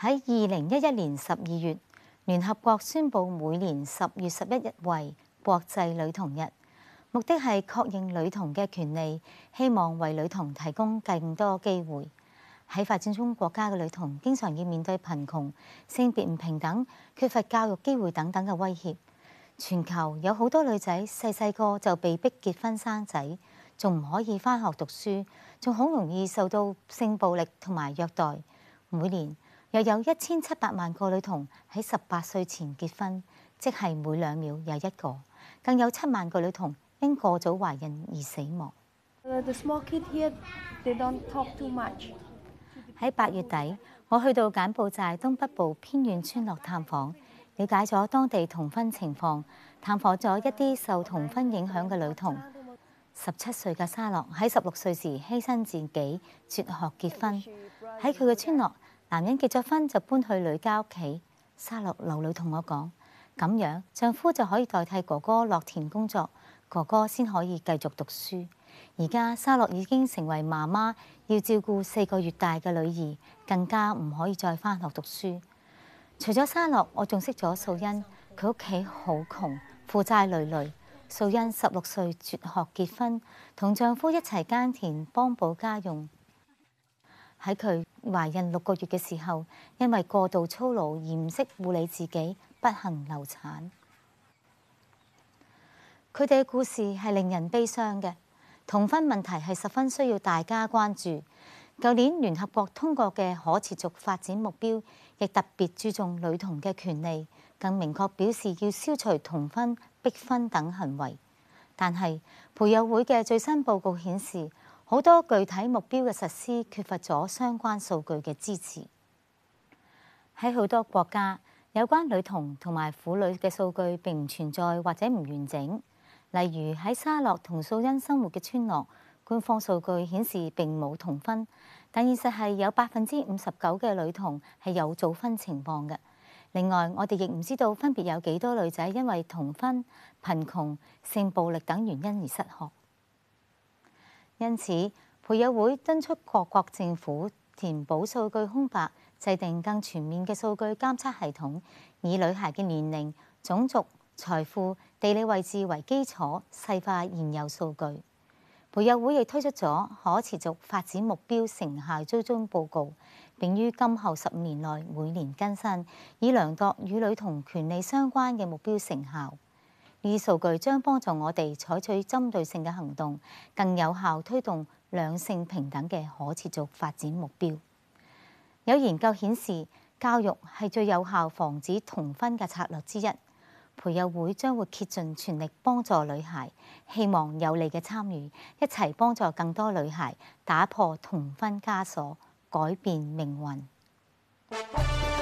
喺二零一一年十二月，聯合國宣布每年十月十一日為國際女童日，目的係確認女童嘅權利，希望為女童提供更多機會。喺發展中國家嘅女童經常要面對貧窮、性別唔平等、缺乏教育機會等等嘅威脅。全球有好多女仔細細個就被逼結婚生仔，仲唔可以返學讀書，仲好容易受到性暴力同埋虐待。每年又有一千七百萬個女童喺十八歲前結婚，即係每兩秒有一個。更有七萬個女童因過早懷孕而死亡。喺八月底，我去到柬埔寨東北部偏遠村落探訪，了解咗當地童婚情況，探訪咗一啲受童婚影響嘅女童。十七歲嘅沙洛喺十六歲時犧牲自己，輟學結婚喺佢嘅村落。男人結咗婚就搬去女家屋企，沙洛流淚同我講，咁樣丈夫就可以代替哥哥落田工作，哥哥先可以繼續讀書。而家沙洛已經成為媽媽，要照顧四個月大嘅女兒，更加唔可以再返學讀書。除咗沙洛，我仲識咗素欣，佢屋企好窮，負債累累。素欣十六歲輟學結婚，同丈夫一齊耕田幫補家用。喺佢懷孕六個月嘅時候，因為過度操勞而唔識護理自己，不幸流產。佢哋嘅故事係令人悲傷嘅。童婚問題係十分需要大家關注。舊年聯合國通過嘅可持續發展目標，亦特別注重女童嘅權利，更明確表示要消除童婚、逼婚等行為。但係培幼會嘅最新報告顯示，好多具體目標嘅實施缺乏咗相關數據嘅支持，喺好多國家有關女童同埋婦女嘅數據並唔存在或者唔完整。例如喺沙洛同素恩生活嘅村落，官方數據顯示並冇童婚，但現實係有百分之五十九嘅女童係有早婚情況嘅。另外，我哋亦唔知道分別有幾多女仔因為童婚、貧窮、性暴力等原因而失學。因此，培幼會敦促各國政府填補數據空白，制定更全面嘅數據監測系統，以女孩嘅年齡、種族、財富、地理位置為基礎細化現有數據。培幼會亦推出咗可持續發展目標成效追蹤報告，並於今後十五年內每年更新，以量度與女童權利相關嘅目標成效。呢啲數據將幫助我哋採取針對性嘅行動，更有效推動兩性平等嘅可持續發展目標。有研究顯示，教育係最有效防止童婚嘅策略之一。培幼會將會竭盡全力幫助女孩，希望有你嘅參與，一齊幫助更多女孩打破童婚枷鎖，改變命運。